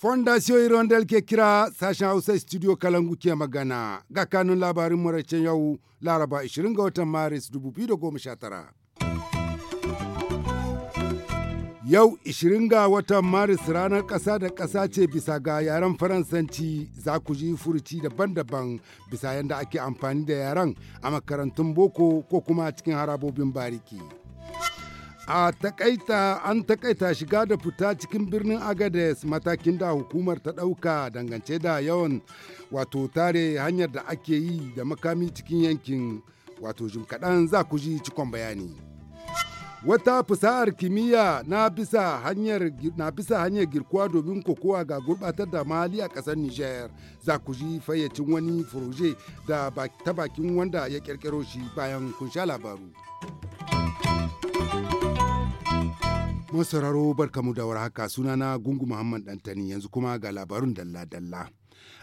Fondation irondel ke kira sashen Hausa studio Kalangu ke magana. Ga kanun labarin maraicen yau Laraba 20 ga watan Maris 2019. Yau 20 ga watan Maris ranar ƙasa da ƙasa ce bisa ga yaren Faransanci za ku ji furuci daban-daban bisa yadda ake amfani da yaren a makarantun boko ko kuma cikin harabobin bariki. A takaita an takaita shiga da fita cikin birnin Agades matakin da hukumar ta ɗauka dangance da yawan wato tare hanyar da ake yi da makami cikin yankin wato jim kaɗan za ku ji cikon bayani. wata fasahar kimiyya na bisa hanyar girkuwa domin kokowa ga gurbatar da mali a ƙasar Niger za ku ji fayyacin wani furoje da ta bakin wanda ya kirkiro shi bayan kun sha labaru. Masararo barkamu da warhaka sunana Gungu Muhammad Dantani yanzu kuma ga labarun dalla-dalla.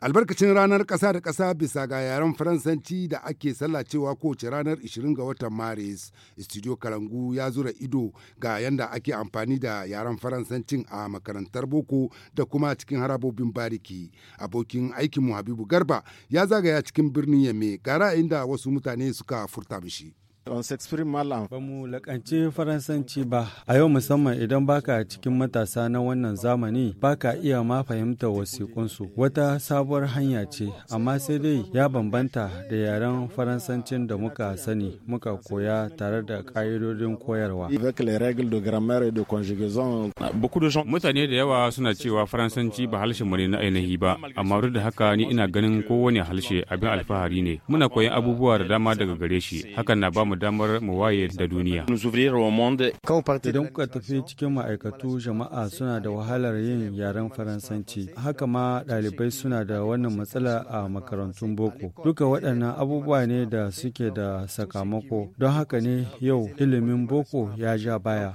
albarkacin ranar ƙasa da ƙasa bisa ga yaren faransanci da ake sallacewa kowace ranar 20 ga watan maris studio kalangu ya zura ido ga yadda ake amfani da yaren faransancin a makarantar boko da kuma cikin harabobin bariki abokin aikinmu habibu garba ya zagaya cikin birnin yame gara inda wasu mutane suka furta mishi. on s'exprime mal en ba mu lakanci faransanci ba a yau musamman idan baka cikin matasa na wannan zamani baka iya ma fahimta wasiƙunsu wata sabuwar hanya ce amma sai dai ya bambanta da yaren faransancin da muka sani muka koya tare da ƙa'idodin koyarwa mutane da yawa suna cewa faransanci ba harshen mu ne na ainihi ba amma duk da haka ni ina ganin kowane harshe abin alfahari ne muna koyan abubuwa da dama daga gare shi hakan na bamu mu damar mu waye da duniya. Idan kuka tafi cikin ma'aikatu jama'a suna da wahalar yin yaren Faransanci, haka ma ɗalibai suna da wannan matsala a makarantun boko. Duka waɗannan abubuwa ne da suke da sakamako, don haka ne yau ilimin boko ya ja baya.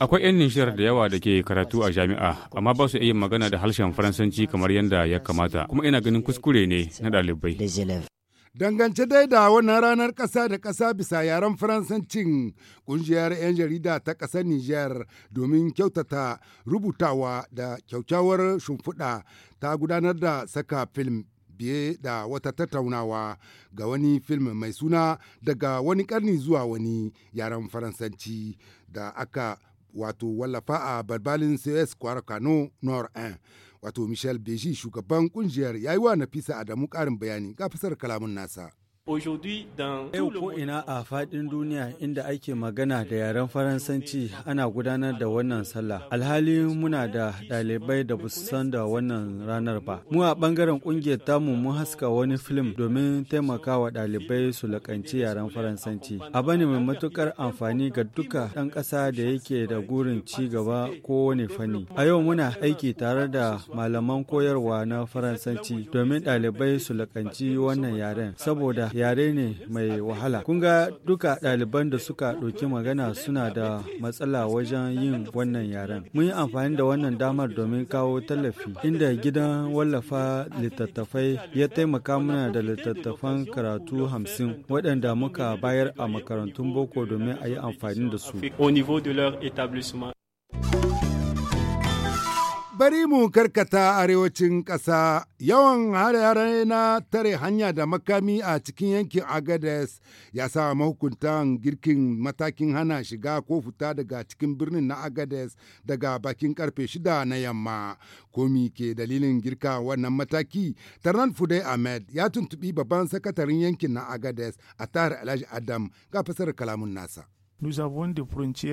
Akwai 'yan nishiyar da yawa da ke karatu a jami'a, amma ba su iya magana da harshen Faransanci kamar yadda ya kamata, kuma ina ganin kuskure ne na ɗalibai. Dangance dai da wannan ranar ƙasa da ƙasa bisa yaren Faransancin ƙungiyar 'yan jarida ta ƙasar Nijar domin kyautata rubutawa da kyaukyawar shimfiɗa ta gudanar da saka film biye da wata tattaunawa ga wani film mai suna daga wani karni zuwa wani yaren Faransanci da aka wato wallafa a barbalin CS Kwarakano Nor wato michel beji shugaban kungiyar yi wa nafisa adamu karin bayani ga fasar kalamun nasa Yau ko ina a faɗin duniya inda ake magana da yaren Faransanci ana gudanar da wannan sallah. Alhali muna da ɗalibai da ba san da wannan ranar ba. Mu a ɓangaren ƙungiyar tamu mun haska wani film domin taimakawa ɗalibai su lakanci yaren Faransanci. a ne mai matuƙar amfani ga duka ɗan ƙasa da yake da gurin ci gaba ko wani fanni. A yau muna aiki tare da malaman koyarwa na Faransanci domin ɗalibai su lakanci wannan yaren saboda yare ne mai wahala kun ga duka ɗaliban da suka ɗauki magana suna da matsala wajen yin wannan yaren mun yi amfani da wannan damar domin kawo tallafi inda gidan wallafa littattafai ya taimaka mana da littattafan karatu hamsin waɗanda muka bayar a makarantun boko domin a yi amfani da su Bari mu karkata arewacin ƙasa yawan hare-hare na tare hanya da makami a cikin yankin Agades ya sa mahukuntan girkin matakin hana shiga ko fita daga cikin birnin na Agades daga bakin karfe shida na yamma. Komi ke dalilin girka wannan mataki, Tarnan Fudai Ahmed ya tuntubi babban sakataren yankin na Agades a tare Alhaji Adam ga fasar kalamun nasa.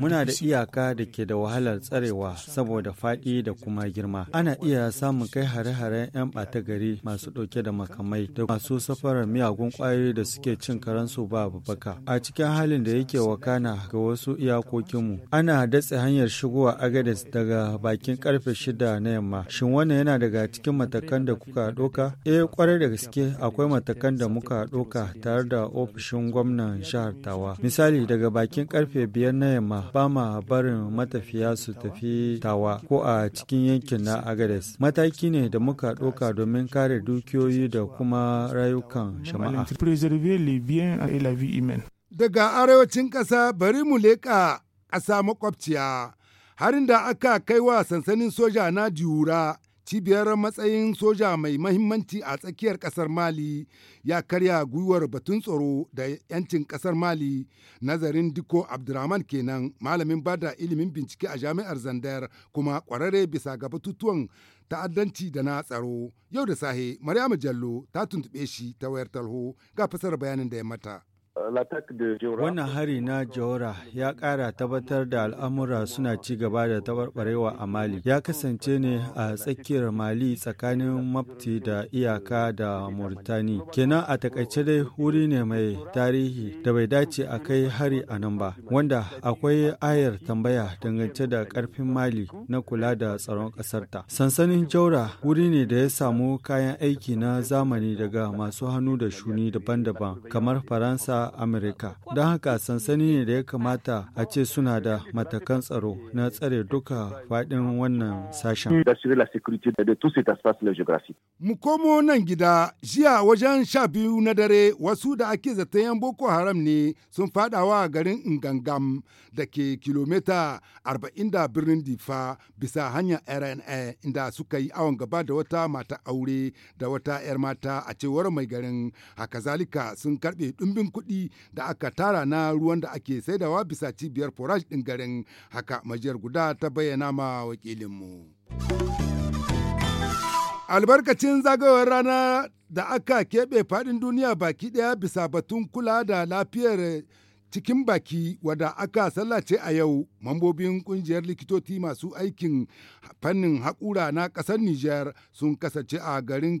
Muna da iyaka da ke da wahalar tsarewa saboda faɗi da kuma girma. Ana iya samun kai hare-haren 'yan ɓata gari masu ɗauke da makamai da masu safarar miyagun ƙwayoyi da suke cin karansu ba babbaka. A cikin halin da yake wakana ga wasu iyakokinmu, ana datse hanyar shigowa Agades daga bakin karfe shida na yamma. Shin wannan yana daga cikin matakan da kuka ɗoka? Eh, kwarai da gaske akwai matakan da muka ɗoka tare da ofishin gwamnan jihar Tawa. Misali daga bakin karfe biyar na yamma ba ma barin matafiya su tafi tawa ko a cikin yankin na agades mataki ne da muka ɗoka domin kare dukiyoyi da kuma rayukan shama'a daga arewacin ƙasa bari mu leƙa ƙasa makwabciya harin da aka kai wa sansanin soja na jura cibiyar matsayin soja mai mahimmanci a tsakiyar kasar mali ya karya gwiwar batun tsaro da 'yancin kasar mali nazarin diko abdurrahman kenan malamin bada ilimin bincike a jami'ar zandar kuma kwararre bisa ga batutuwan ta'addanci da na tsaro yau da sahe maryamu jallo ta tuntube shi ta wayar talho ga fasar bayanin da ya mata Wannan hari na Jawara ya ƙara tabbatar da al'amura suna ci gaba da tabarbarewa a Mali. Ya kasance ne a tsakiyar Mali tsakanin mafti da iyaka da Murtani. Kenan a takaice dai wuri ne mai tarihi da bai dace a kai hari a nan ba, wanda akwai ayar tambaya dangance da karfin Mali na kula da tsaron ƙasarta. Sansanin jora wuri ne da ya samu kayan aiki na zamani daga masu hannu da shuni daban-daban kamar Faransa ta Amurka. Don haka sansani ne da ya kamata a ce suna da matakan tsaro na tsare duka faɗin wannan sashen. Mu komo nan gida jiya wajen sha biyu na dare wasu da ake zaton yan Boko Haram ne sun fadawa garin Ngangam da ke kilomita 40 da birnin Difa bisa hanyar RNA inda suka yi awon gaba da wata mata aure da wata 'yar mata a cewar mai garin haka zalika sun karɓe ɗumbin kuɗi kuɗi da aka tara na ruwan da ake saidawa bisa cibiyar forage ɗin garin haka majiyar guda ta bayyana ma wakilinmu. Albarkacin zagayowar rana da aka keɓe faɗin duniya baki ɗaya bisa batun kula da lafiyar cikin baki wadda aka sallace a yau mambobin kungiyar likitoci masu aikin fannin haƙura na ƙasar Nijar sun kasance a garin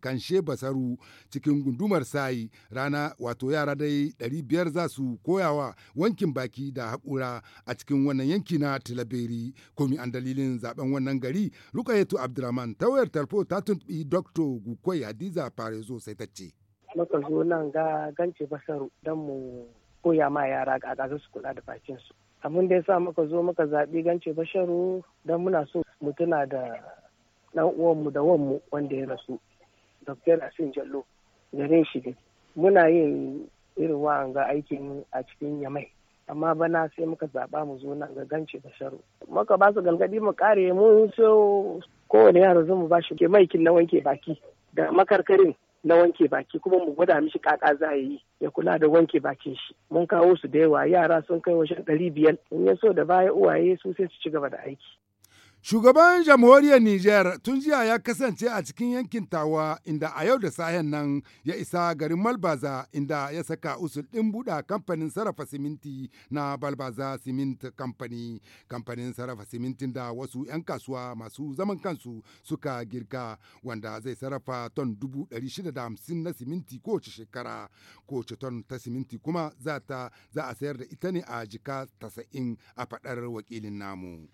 kanshe basaru cikin gundumar sai rana wato yara dai 500 za su koyawa wankin baki da haƙura a cikin wannan yanki na tilaberi komi an dalilin zaben wannan gari rukayetu abdulrahman tawayar tarfo ta tuntubi dr gukwai hadiza farezo sai ta ce Maka zo nan ga ganci basaru don mu koya ma yara kaka su kula da bakin su abin da ya sa muka zo muka zaɓi gance basharu don muna so mu tuna da ɗan uwanmu da wanmu wanda ya rasu dr asin jallo garin shi ne muna yin irin wa'an ga aikin a cikin yamai amma bana sai muka zaɓa mu zo nan ga gance basharu muka ba su galgadi mu kare mu. so kowane yara zan mu ba shi ke maikin na wanke baki da makarkarin na wanke baki kuma mu gwada mishi kaka za yi ya kula da wanke bakin shi mun kawo su da yawa yara sun kai wajen ɗari biyar in ya so da baya uwaye su sai su ci gaba da aiki Shugaban jamhuriyar Nijar tun jiya ya kasance a cikin yankin Tawa inda a yau da sahen nan ya isa garin Malbaza inda ya saka usul ɗin buɗa kamfanin sarrafa siminti na Balbaza Cement Company. Kamfanin sarrafa simintin da wasu 'yan kasuwa masu zaman kansu suka girka wanda zai sarrafa ton dubu hamsin na siminti kowace shekara. Kowace ton ta siminti kuma za ta za a sayar da ita ne a jika 90 a faɗar wakilin namu.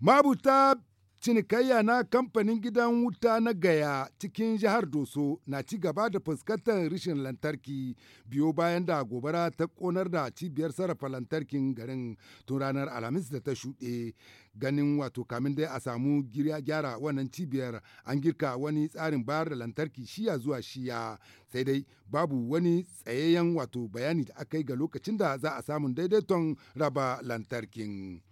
Mabuta cinikayya na kamfanin gidan wuta na Gaya cikin jihar Doso na ci gaba da fuskantar rashin lantarki biyo bayan da gobara ta konar da cibiyar sarrafa lantarkin garin tun ranar Alhamis da ta shuɗe. Ganin wato kamin dai a samu gyara wannan cibiyar an girka wani tsarin bayar da lantarki shiya zuwa shiya sai dai babu wani tsayayyen wato bayani da aka yi ga lokacin da za a samun daidaiton raba lantarkin.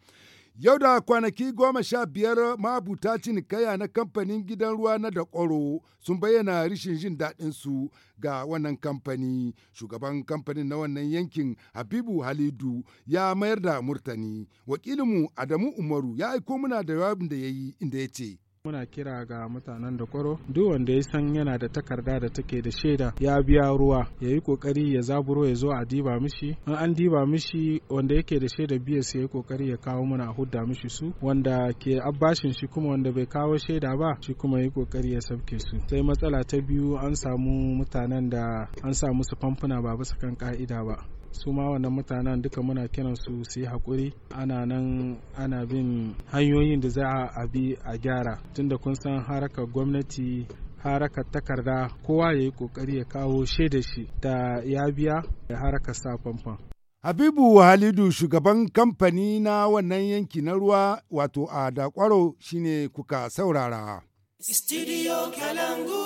Yau da kwanaki goma sha biyar mabuta cinikaya na kamfanin gidan ruwa na Dakoro sun bayyana rishin jin daɗinsu ga wannan kamfani. Shugaban kamfanin na wannan yankin Habibu Halidu ya mayar da murtani. Wakilinmu Adamu Umaru ya aiko muna da jawabin da ya yi inda ya ce. muna kira ga mutanen da kwaro duk wanda ya san yana da takarda da take da shaida ya biya ruwa ya yi kokari ya zaburo ya zo a diba mishi in an diba mishi wanda yake da shaida biya sai ya kokari ya kawo mana a hudda mishi su wanda ke abbashin shi kuma wanda bai kawo shaida ba shi kuma yi kokari ya sauke su sai matsala ta biyu an samu mutanen da an sa musu famfuna ba bisa kan ka'ida ba su ma wannan mutanen duka muna kiran su su yi haƙuri ana nan ana bin hanyoyin da za a bi a gyara tunda kun san harakar gwamnati harakar takarda kowa ya yi ƙoƙari ya kawo shaida shi da ya biya da harakar sa fanfan. Habibu Halidu shugaban kamfani na wannan yanki na ruwa wato a dakwaro shine kuka saurara. Studio Kalangu.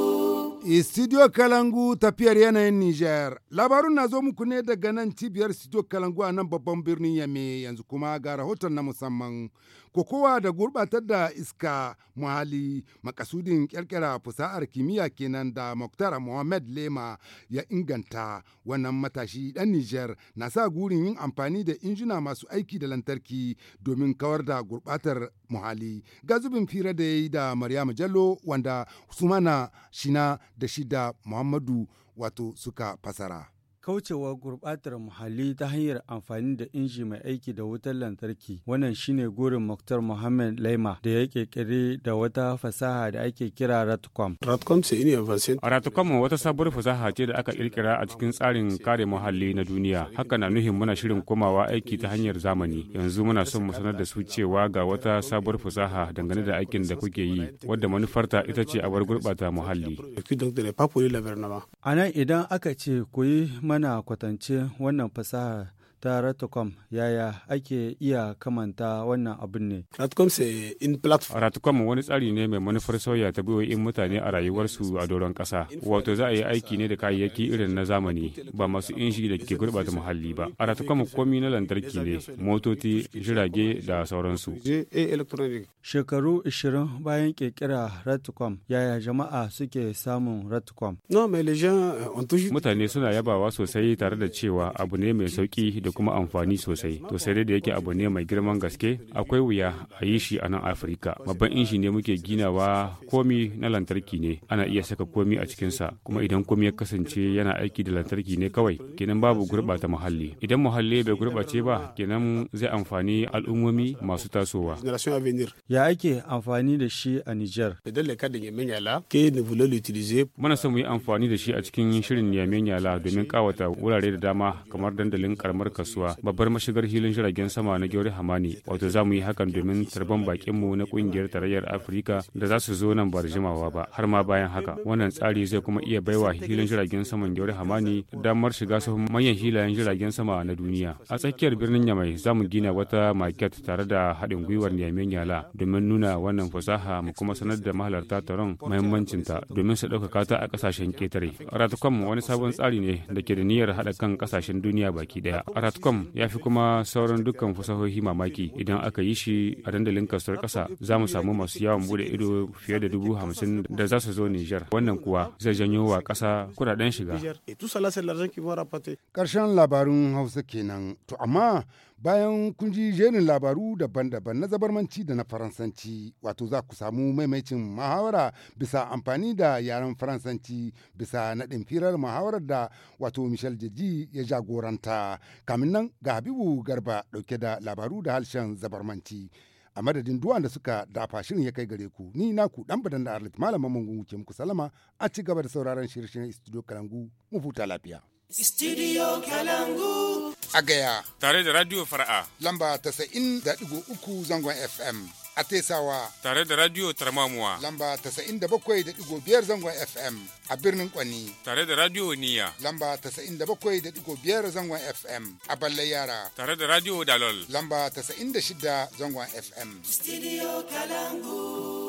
E, Studio Kalangu tafiyar yanayin Nijar. Labarun na zo muku ne daga nan cibiyar Studio Kalangu a nan babban birnin Yame yanzu kuma ga rahoton na musamman. kokowa da gurɓatar da iska muhalli makasudin ƙirƙira fusa'ar kimiyya kenan da Muktar Mohamed Lema ya inganta wannan matashi dan niger na sa gurin yin amfani da injina masu aiki da lantarki domin kawar da gurɓatar muhalli. Ga zubin fira da ya yi da Maryama Jallo wanda Sumana Shina da shida Muhammadu wato suka fasara. kaucewa gurbatar muhalli ta hanyar amfani da inji mai aiki da wutar lantarki wannan shine gurin muktar muhammad laima da ya kekere da wata fasaha da ake kira ratcom ratcom wata sabuwar fasaha ce da aka kirkira a cikin tsarin kare muhalli na duniya haka na nuhin muna shirin komawa aiki ta hanyar zamani yanzu muna son mu sanar da su cewa ga wata sabuwar fasaha dangane da aikin da kuke yi wadda manufarta ita ce a bar gurbata muhalli a nan idan aka ce ku yi mana kwatance wannan fasahar ta Ratcom yaya ake iya kamanta wannan abin ne? Ratcom in platform. Ratcom wani tsari ne mai manufar sauya in mutane a rayuwarsu a doron ƙasa. Wato za a yi aiki ne da kayayyaki irin na zamani ba masu inshi da ke gurɓata muhalli ba. A Ratcom komi na lantarki ne, motoci, jirage da sauransu. Shekaru 20 bayan ƙirƙira Ratcom yaya jama'a suke samun Ratcom? Euh, mutane suna yabawa sosai tare da cewa abu ne mai sauƙi da da kuma amfani sosai to sai dai da yake abu ne mai girman gaske akwai wuya a yi shi a nan afirka babban inshi ne muke ginawa komi na lantarki ne ana iya saka komi a cikinsa kuma idan komi ya kasance yana aiki da lantarki ne kawai kenan babu gurɓata muhalli idan muhalli bai gurɓace ba kenan zai amfani al'ummomi masu tasowa ya ake amfani da shi a niger muna son mu yi amfani da shi a cikin shirin yamen yala domin kawata wurare da dama kamar dandalin karamar kasuwa babbar mashigar hilin jiragen sama na Gyori Hamani wato za mu yi hakan domin tarban bakinmu na kungiyar tarayyar Afirka da za su zo nan ba da jimawa ba har ma bayan haka wannan tsari zai kuma iya baiwa hilin jiragen saman Gyori Hamani damar shiga su manyan hilayen jiragen sama na duniya a tsakiyar birnin Yamai za mu gina wata maket tare da haɗin gwiwar Niamey Yala domin nuna wannan fasaha mu kuma sanar da mahalarta taron muhimmancinta domin su ɗaukaka ta a ƙasashen ketare Ratakwam wani sabon tsari ne da ke da niyyar haɗa kan ƙasashen duniya baki ɗaya. Stratcom ya fi kuma sauran dukkan fasahohi mamaki idan aka yi shi a dandalin kasuwar ƙasa za mu samu masu yawon bude ido fiye da dubu hamsin da za su zo Nijar. Wannan kuwa zai janyo wa ƙasa kudaden shiga. karshen labarin Hausa kenan. To amma Bayan kun ji jerin labaru daban-daban na zabarmanci da na Faransanci, wato za ku samu maimacin muhawara bisa amfani da yaren Faransanci bisa naɗin firar muhawarar da wato Michel Jeji ya jagoranta. Kamin nan ga Habibu Garba ɗauke da labaru da harshen zabarmanci. A madadin duwan da suka dafa shirin ya kai gare ku, ni naku dan badan da Arlit Malamin Mungu ke muku salama a ci gaba da sauraron shirye-shiryen Studio Kalangu, mu futa lafiya. Studio Kalangu. a gaya. Tare da Radio Fara'a. Lamba uku zangon FM. A Tesawa. Tare da Radio Tarmamuwa. Lamba biyar zangon FM. A birnin Kwani. Tare da Radio Niya. Lamba biyar zangon FM. A Balle Yara. Tare da Radio Dalol. Lamba shida zangon FM. Studio Kalangu.